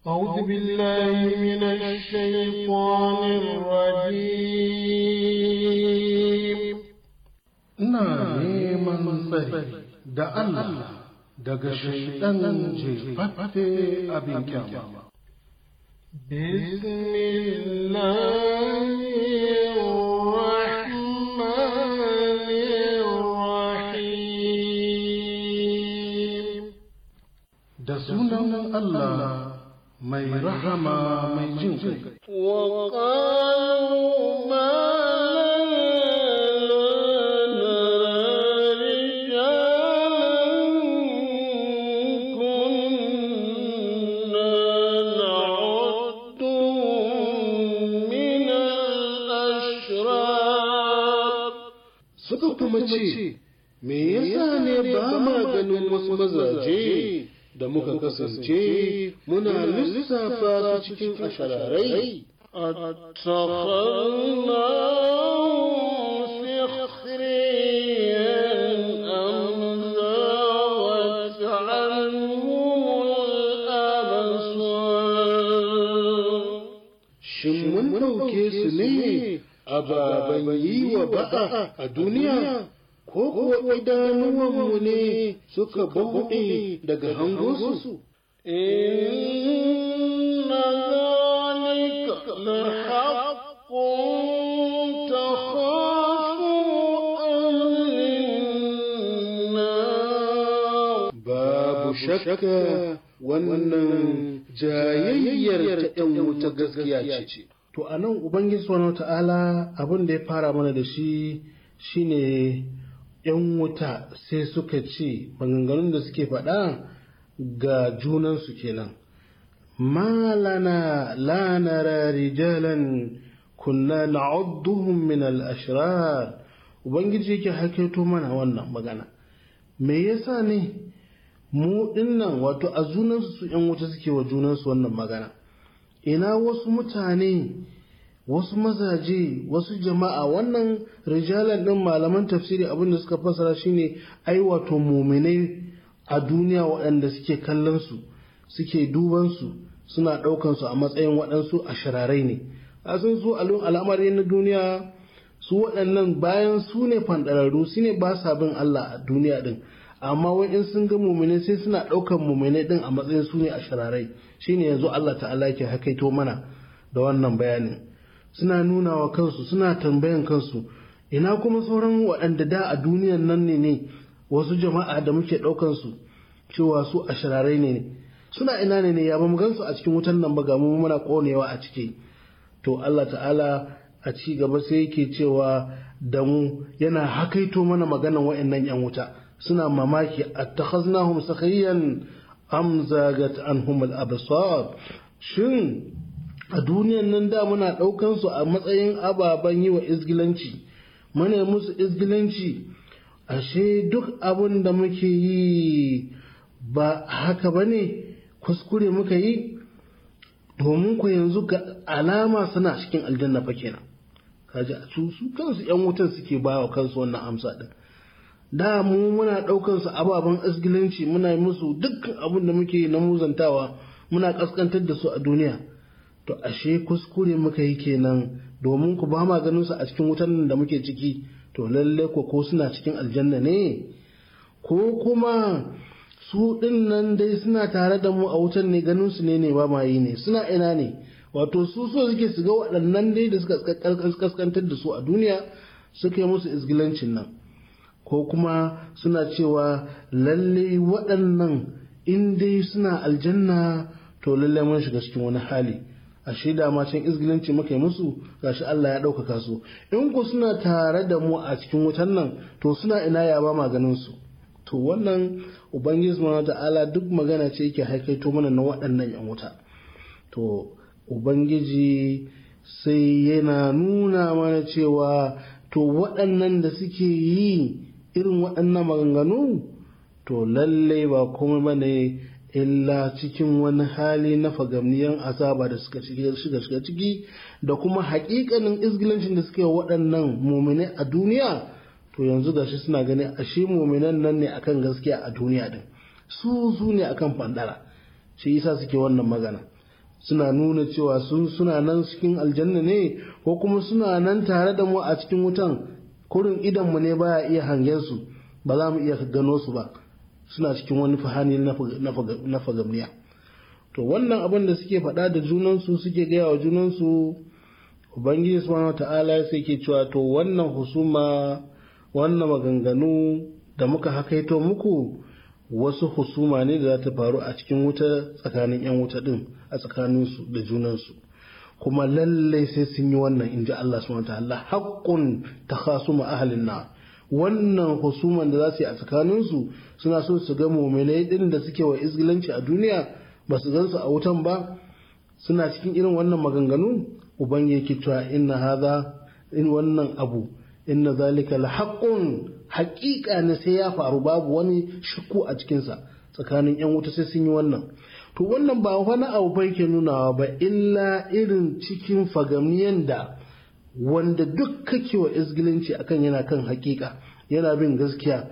أعوذ بالله من الشيطان الرجيم ina neman tsari da Allah daga shaidan jefaffe abin kyama. Bismillah da sunan Allah mai rahama mai jin kai. da muka kasance منا لسا su cikin ashararai أتخذناهم سخريا أم زاوت عنهم الأبصار شمن أبا بني وبأ الدنيا ko kuwa idanuwanmu ne suka bauɗe daga hangosu. Inna zalika ta hafu amina. Babu shakka wannan jayayyar ta ‘yan wuta gaskiya ce. To a nan Ubangiji Subhanahu ta'ala abin da ya fara mana da shi shi ne. 'yan wuta sai suka ce maganganun da suke faɗa ga junansu kenan malana la nara rijalan kunna na'udduhum min al-ashrar ubangiji yake haƙeto mana wannan magana me yasa ne mu dinnan wato a junansu su 'yan wuta suke wa junansu wannan magana ina wasu mutane wasu mazaje wasu jama'a wannan rijalan din malaman tafsiri abin da suka fassara shine ai wato muminai a duniya waɗanda suke kallon su suke duban su suna ɗaukan a matsayin waɗansu a shirarai ne a sun su al'amari na duniya su waɗannan bayan su ne fanɗararru su ne ba sa bin Allah a duniya din amma wai sun ga muminai sai suna ɗaukan muminai ɗin a matsayin su ne a shirarai shine yanzu Allah ta'ala ke hakaito mana da wannan bayanin suna nuna wa kansu suna tambayan kansu ina kuma sauran waɗanda da a duniyan nan ne ne wasu jama'a da muke ɗaukansu cewa su a shirarai ne suna ina ne ne ya ba mu a cikin wutan nan ba ga mu muna ƙonewa a ciki to Allah ta'ala a ci gaba sai yake cewa da mu yana hakaito mana maganan waɗannan yan wuta suna mamaki attakhaznahum sakhiyan am zagat anhum al-absar shin a duniyan nan da muna ɗaukan su a matsayin ababen yi wa izgilanci muna musu izgilanci ashe duk abin da muke yi ba haka ba ne kuskure muka yi domin ku yanzu ga alama suna cikin aljanna fa kenan kaji su su kansu yan wutan suke bawa kansu wannan amsa din da mu muna ɗaukan su ababen izgilanci muna musu dukkan abin da muke na muzantawa muna kaskantar da su a duniya to ashe kuskure muka yi kenan domin ku ba ma ganin su a cikin wutan da muke ciki to lalle ko ko suna cikin aljanna ne ko kuma su ɗin nan dai suna tare da mu a wutan ne ganin su ne ne ba ma yi ne suna ina ne wato su so suke su ga waɗannan dai da suka kaskantar da su a duniya suke musu izgilancin nan ko kuma suna cewa lalle waɗannan in dai suna aljanna to lalle mun shiga cikin wani hali a shida ma can izgilinci muka yi musu gashi Allah ya ɗaukaka su in ku suna tare da mu a cikin wutan nan to suna ina ya ba maganin su to wannan ubangiji subhanahu ta'ala duk magana ce yake haikaito mana na waɗannan yan wuta to ubangiji sai yana nuna mana cewa to waɗannan da suke yi irin waɗannan maganganu to lallai ba komai ba illa cikin wani hali na fagamniyan asaba da suka shiga shiga ciki da kuma haƙiƙanin izgilancin da suke waɗannan muminai a duniya to yanzu gashi suna gani ashe muminan nan ne akan gaskiya a duniya din su su ne akan fandara shi yasa suke wannan magana suna nuna cewa sun suna nan cikin aljanna ne ko kuma suna nan tare da mu a cikin wutan kurin idan mu ne baya iya hangen su ba za mu iya gano su ba suna cikin wani fahani na fagamniya to wannan abin da suke faɗa da junansu suke gaya wa junansu ubangiji subhanahu ta'ala sai ke cewa to wannan husuma wannan maganganu da muka hakaito muku wasu husuma ne da za ta faru a cikin wuta tsakanin 'yan wuta din a tsakaninsu da junansu kuma lallai sai sun yi wannan in ji Allah subhanahu wata'ala haƙƙun ta ahalin na wannan husuman da za su yi a tsakaninsu suna so su ga muminai din da suke wa izgilanci a duniya ba su gansu a wutan ba suna cikin irin wannan maganganu ubangiji ke cewa inna hadha in wannan abu inna zalika lahaqqun haƙiƙa ne sai ya faru babu wani shakku a cikinsa tsakanin yan wuta sai sun yi wannan to wannan ba wani abu bai ke nunawa ba illa irin cikin fagamiyan da wanda duk kake wa izgilinci akan yana kan hakika yana bin gaskiya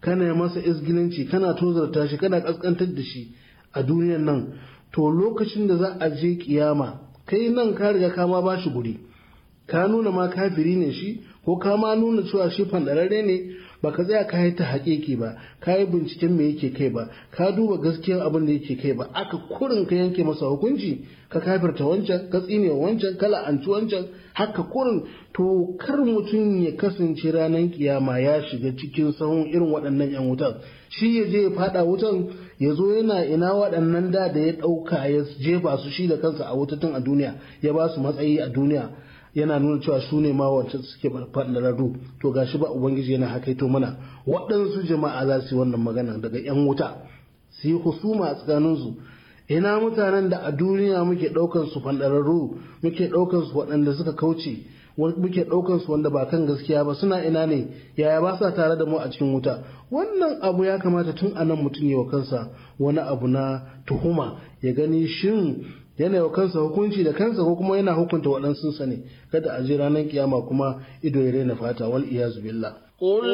kana masa izgilinci kana tozarta shi kana kaskantar da shi a duniyan nan to lokacin da za a je kiyama kai nan ka riga ka ma bashi guri ka nuna ma kafiri ne shi ko ka ma nuna cewa shi fandararre ne ba ka tsaya ka yi ta haƙiƙi ba ka yi binciken me yake kai ba ka duba gaskiyar abin da yake kai ba aka kurin ka yanke masa hukunci ka kafirta wancan ka tsine wancan ka la'anci wancan haka kurin to kar mutum ya kasance ranar kiyama ya shiga cikin sahun irin waɗannan yan wutan shi ya je ya faɗa wutan ya zo yana ina waɗannan da da ya ɗauka ya jefa su shi da kansa a wuta a duniya ya ba su matsayi a duniya yana nuna cewa su ne ma wancan suke fadararru to gashi ba ubangiji yana hakaito mana waɗansu jama'a za su yi wannan magana daga 'yan wuta su yi husuma a tsakaninsu ina mutanen da a duniya muke ɗaukan su fadararru muke ɗaukan su waɗanda suka kauce muke ɗaukan su wanda ba kan gaskiya ba suna ina ne yaya ba sa tare da mu a cikin wuta wannan abu ya kamata tun anan mutum ya wa kansa wani abu na tuhuma ya gani shin yana wa kansa hukunci da kansa ko kuma yana hukunta waɗansu sa ne kada a ji ranar kiyama kuma ido ya raina fata wal iyazu billah qul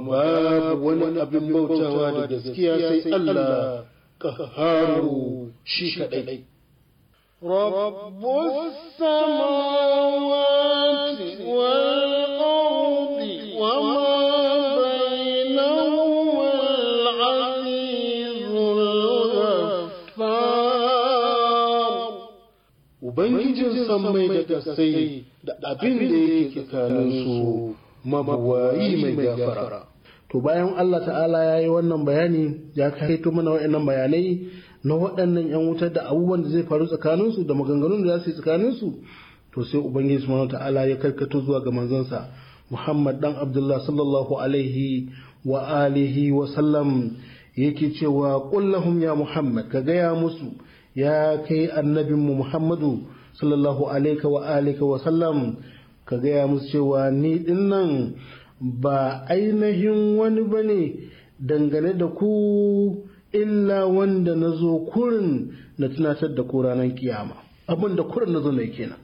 kuma babu wani abin bautawa da gaskiya sai Allah ƙaharu shi kaɗai. رب السماوات والأرض وما بينهما العزيز الغفار وبنجي سمي دكسي دابين ديكي كانسو مبواي مي to bayan Allah ta'ala ya yi wannan bayani ya kai to mana wa'annan bayanai na waɗannan 'yan wutar da abubuwan da zai faru tsakaninsu da maganganun da za su yi tsakaninsu to sai ubangiji subhanahu ta'ala ya karkato zuwa ga manzonsa. muhammad dan abdullah sallallahu alaihi wa alihi wa sallam yake cewa kullahum ya muhammad ka gaya musu ya kai annabin mu muhammadu sallallahu alaihi wa alihi wa sallam ka gaya musu cewa ni dinnan ba ainihin wani ba ne dangane da ku illa wanda na zo kurin na tunatar da ku ranar kiyama abin da kurin na zo mai kenan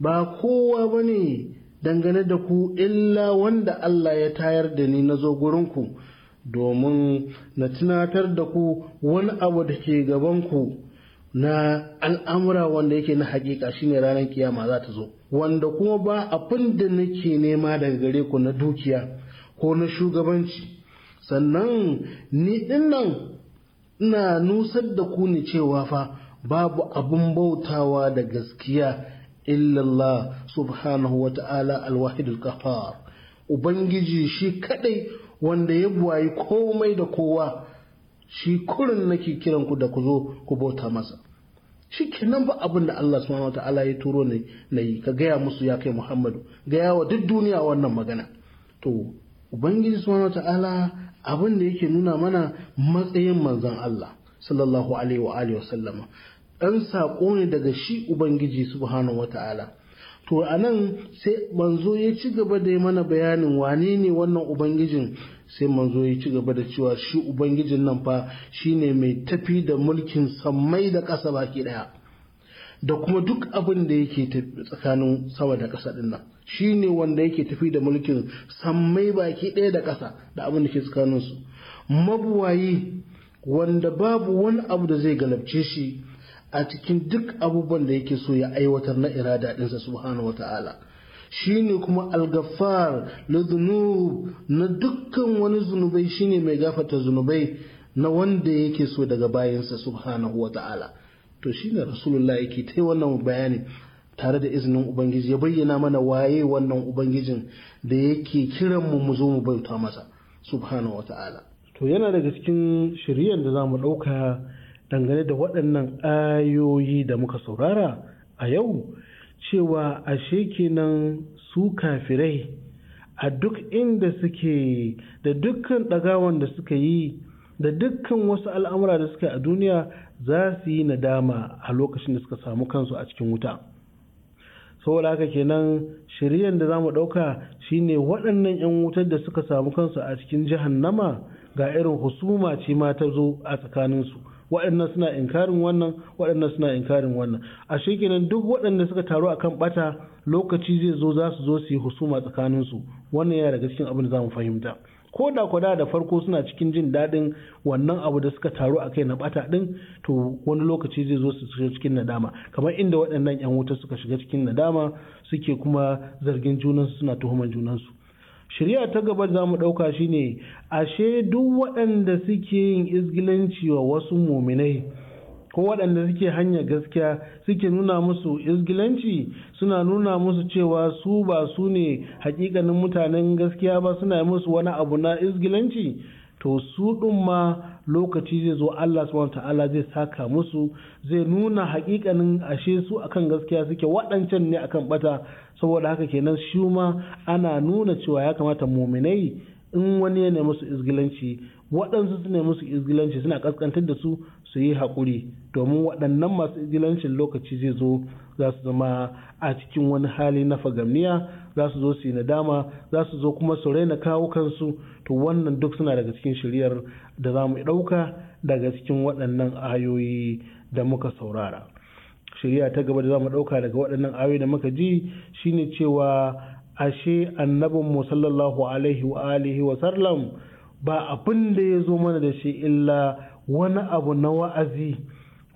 ba kowa ba ne dangane da ku illa wanda Allah ya tayar da ni na zo gurinku domin na tunatar da ku wani abu da ke gabanku na al'amura wanda yake na hakika shine ranar kiyama za ta zo wanda kuma ba abin da nake nema daga gare ku na dukiya ko na shugabanci sannan ni dinnan ina nusar da ku ne cewa fa babu abin bautawa da gaskiya illallah subhanahu wa ta'ala alwahidul qahar ubangiji shi kadai wanda ya buwayi komai da kowa shi kurin nake kiran ku da ku zo ku bauta masa shi kenan ba abin da Allah subhanahu ta'ala ya turo ne na yi ka gaya musu ya kai Muhammadu gaya wa duk duniya wannan magana to ubangiji subhanahu ta'ala abin da yake nuna mana matsayin manzon Allah sallallahu alaihi wa alihi wasallama dan sako ne daga shi ubangiji subhanahu ta'ala to anan sai manzo ya ci gaba da yi mana bayanin wane ne wannan ubangijin sai manzo ya ci gaba da cewa shi ubangijin nan fa shine mai tafi da mulkin sammai da ƙasa baki ɗaya da kuma duk abin da yake tsakanin sama da ƙasa ɗin nan shi ne wanda yake tafi da mulkin sammai baki ɗaya da ƙasa da abin da ke tsakanin su mabuwayi wanda babu wani abu da zai galabce shi a cikin duk abubuwan da yake so ya aiwatar na irada ɗinsa subhanahu wa ta'ala shine kuma algafar zunub na dukkan wani zunubai shine mai gafata zunubai na wanda yake so daga bayansa subhanahu wa ta'ala to shine rasulullah yake ta wannan bayani tare da izinin ubangiji ya bayyana mana waye wannan ubangijin da yake kiran mu mu zo mu bauta masa subhanahu wa ta'ala to yana daga cikin shiriyar da za mu ɗauka dangane da waɗannan ayoyi da muka saurara a yau cewa ashe kenan su kafirai a duk inda suke da dukkan ɗagawan da suka yi da dukkan wasu al'amura da suka a duniya za su yi nadama a lokacin da suka samu kansu a cikin wuta saboda haka kenan shiryan da za mu ɗauka shine waɗannan 'yan wutar da suka samu kansu a cikin nama ga irin husuma ce ma ta zo a tsakaninsu waɗannan suna inkarin wannan waɗannan suna inkarin wannan a shekinan duk waɗanda suka taru akan bata lokaci zai zo za su zo su yi husuma tsakaninsu wannan yana daga cikin abin da za mu fahimta ko da kwada da farko suna cikin jin daɗin wannan abu da suka taru a kai na bata ɗin to wani lokaci zai zo su shiga cikin nadama kamar inda waɗannan 'yan wuta suka shiga cikin nadama suke kuma zargin junansu suna tuhuman junansu shari'a ta gaba za mu ɗauka shine ashe duk waɗanda suke yin izgilanci wa wasu muminai ko waɗanda suke hanyar gaskiya suke nuna musu izgilanci suna nuna musu cewa su ba su ne hakikanin mutanen gaskiya ba suna musu wani abu na izgilanci to su ɗin ma lokaci zai zo Allah subhanahu ta'ala zai saka musu zai nuna hakikanin ashe su akan gaskiya suke waɗancan ne akan bata saboda haka kenan shi ma ana nuna cewa ya kamata muminai in wani ya musu izgilanci waɗansu su ne musu izgilanci suna kaskantar da su su yi haƙuri domin waɗannan masu izgilancin lokaci zai zo za su zama a cikin wani hali na fagamniya za su zo su yi nadama za su zo kuma su raina kawo kansu to wannan duk suna daga cikin shiriyar da za mu ɗauka daga cikin waɗannan ayoyi da muka saurara shirya ta gaba da za mu ɗauka daga waɗannan ayoyi da muka ji shine cewa ashe annabin mu sallallahu alaihi wa alihi wa sallam ba abin da ya zo mana da shi illa wani abu na wa'azi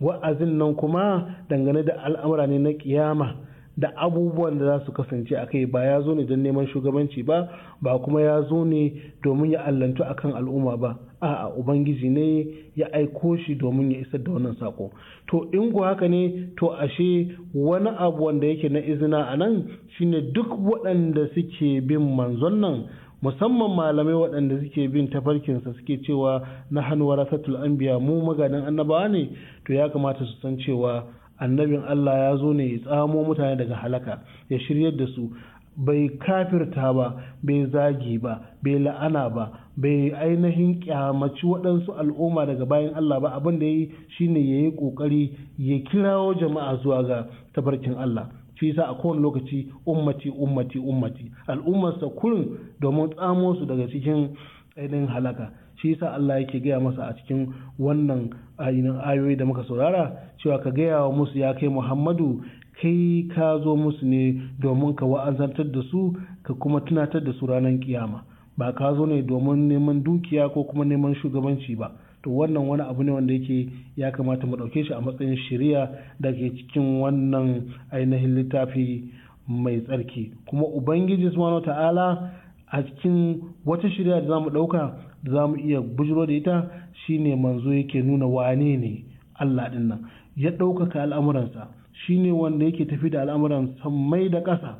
wa'azin nan kuma dangane da al'amura ne na kiyama da abubuwan da za su kasance a kai ba ya zo ne don neman shugabanci ba ba kuma ya zo ne domin ya allantu akan al'umma ba a'a ubangiji ne ya aiko shi domin ya isar da wannan sako to in ku haka ne to ashe wani abu wanda yake na izina a nan shine duk waɗanda suke bin manzon nan musamman malamai waɗanda suke bin tafarkinsa suke cewa na hannu warasatul anbiya mu maganin annabawa ne to ya kamata su san cewa annabin Allah ya zo ne ya tsamo mutane daga halaka ya shiryar da su bai kafirta ba bai zagi ba bai la'ana ba bai ainihin kyamaci waɗansu al'umma daga bayan Allah ba abin da ya yi shine ya yi ƙoƙari ya kirawo jama'a zuwa ga tabarkin Allah shi sa a kowane lokaci ummati ummati ummati al'ummarsa kurin domin tsamo su daga cikin ainihin halaka shi yasa Allah yake gaya masa a cikin wannan ainihin ayoyi da muka saurara cewa ka gaya wa musu ya kai Muhammadu kai ka zo musu ne domin ka wa'azantar da su ka kuma tunatar da su ranar kiyama ba ka zo ne domin neman dukiya ko kuma neman shugabanci ba to wannan wani abu ne wanda yake ya kamata mu ɗauke shi a matsayin shari'a daga cikin wannan ainihin littafi mai tsarki kuma ubangiji subhanahu ta'ala a cikin wata shari'a da za mu ɗauka za mu iya bujiro da ita shine manzo yake nuna wane ne Allah ɗin nan ya ɗaukaka al'amuransa shine wanda yake tafi da al'amuran sammai da ƙasa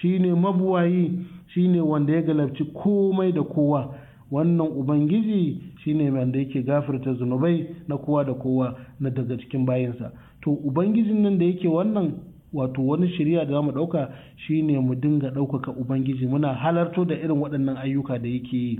shine mabuwayi shine wanda ya galabci komai da kowa wannan ubangiji shine wanda yake gafarta zunubai na kowa da kowa na daga cikin bayinsa to ubangijin nan da yake wannan wato wani shirya da zamu ɗauka shine mu dinga ɗaukaka ubangiji muna halarto da irin waɗannan ayyuka da yake yi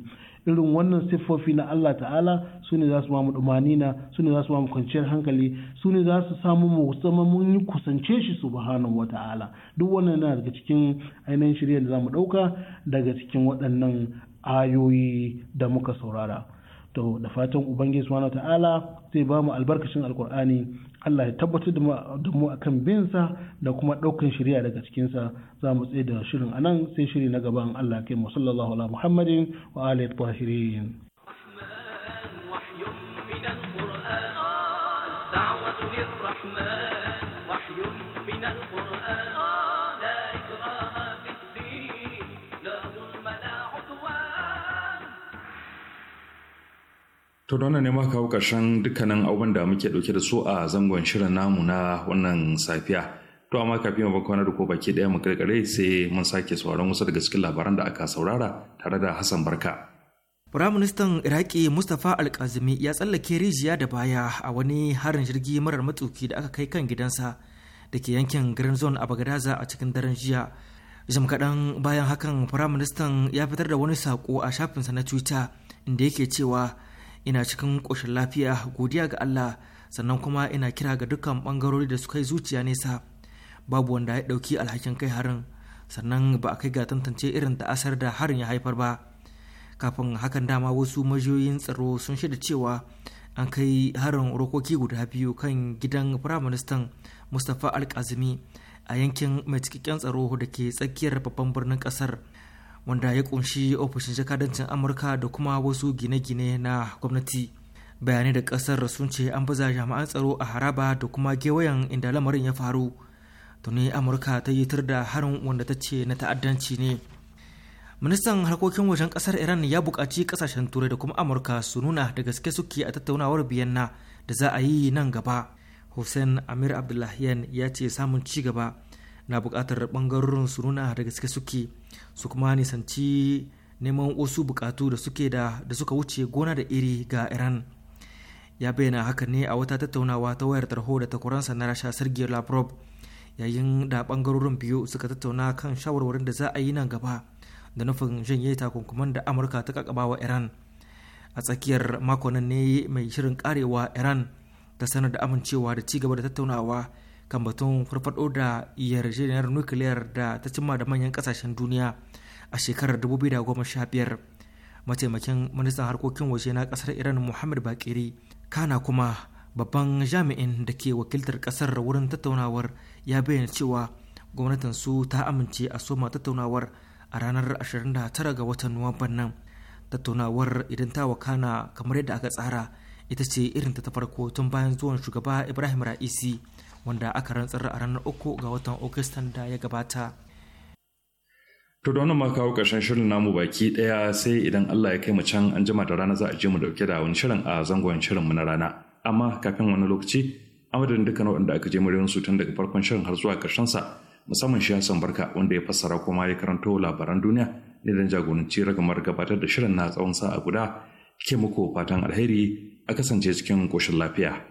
irin wannan siffofi na Allah ta'ala su ne za su mamu ɗumanina su ne za su mamu kwanciyar hankali su ne za su samu mu zama mun yi kusance shi ba wa ta'ala duk wannan yana daga cikin ainihin shirya da za mu ɗauka daga cikin waɗannan ayoyi da muka saurara to da fatan ubangiji subhanahu ta'ala zai ba mu albarkacin alkur'ani Allah ya tabbatar da mu akan bin sa da kuma daukan shari'a daga cikin sa za mu tsaye da shirin anan sai shiri na gaban Allah kai mu sallallahu ala muhammadin wa alihi tahirin To da wannan ne ma kawo ƙarshen dukkanin abubuwan da muke ɗauke da su a zangon shirin namu na wannan safiya. To amma kafin mu bakwana da ko baki ɗaya mu kirkire sai mun sake sauraron wasu daga cikin labaran da aka saurara tare da Hassan Barka. Firaministan Iraki Mustapha Alkazimi ya tsallake rijiya da baya a wani harin jirgi marar matsuki da aka kai kan gidansa da ke yankin Green Zone a Bagadaza a cikin daren jiya. Jim kaɗan bayan hakan Firaministan ya fitar da wani sako a shafinsa na Twitter inda yake cewa ina cikin ƙoshin lafiya godiya ga Allah sannan kuma ina kira ga dukkan ɓangarori da suka yi zuciya nesa babu wanda ya ɗauki alhakin kai harin sannan ba a kai ga tantance irin da asar da harin ya haifar ba kafin hakan dama wasu majiyoyin tsaro sun shaida cewa an kai harin rokoki guda biyu kan gidan firaministan mustapha alkazimi a yankin mai cikakken tsaro da ke tsakiyar babban birnin kasar wanda ya kunshi ofishin jakadancin amurka da kuma wasu gine-gine na gwamnati bayanai da kasar sun ce an baza jami'an tsaro a haraba da kuma gewayen inda lamarin ya faru tuni amurka ta yi tar da harin wanda ta ce na ta'addanci ne ministan harkokin wajen kasar iran ya buƙaci kasashen turai da kuma amurka su nuna da gaske suke a tattaunawar biyanna da za a yi nan gaba hussein amir Abdullahiyan ya ce samun ci gaba na bukatar ɓangarorin su nuna da gaske suke su kuma nisanci neman wasu bukatu da suke da da suka wuce gona da iri ga iran ya bayyana haka ne a wata tattaunawa ta wayar tarho da takwaransa na rasha sergei lavrov yayin da ɓangarorin biyu suka tattauna kan shawarwarin da za a yi nan gaba da nufin janye takunkuman da amurka ta kakabawa iran a tsakiyar makonan ne mai shirin karewa iran ta sanar da amincewa da cigaba da tattaunawa kan batun farfado da yarjejeniyar nukiliyar da ta cimma da manyan kasashen duniya a shekarar 2015 mataimakin ministan harkokin waje na kasar iran muhammad bakiri kana kuma babban jami'in da ke wakiltar kasar wurin tattaunawar ya bayyana cewa gwamnatin su ta amince a soma tattaunawar a ranar 29 ga watan nuwamban nan tattaunawar idan ta wakana kamar yadda aka tsara ita ce irin ta farko tun bayan zuwan shugaba ibrahim ra'isi wanda aka rantsar a ranar uku ga watan Agustan da ya gabata. To da wannan kawo ƙarshen shirin namu baki ɗaya sai idan Allah ya kai mu can an jima da rana za a je mu dauke da wani shirin a zangon shirin mu na rana. Amma kafin wani lokaci, amadadin dukkan waɗanda aka je muryoyin su tun daga farkon shirin har zuwa ƙarshen sa musamman shi Hassan Barka wanda ya fassara kuma ya karanto labaran duniya ne dan jagoranci ragamar gabatar da shirin na tsawon sa'a guda ke muku fatan alheri a kasance cikin koshin lafiya.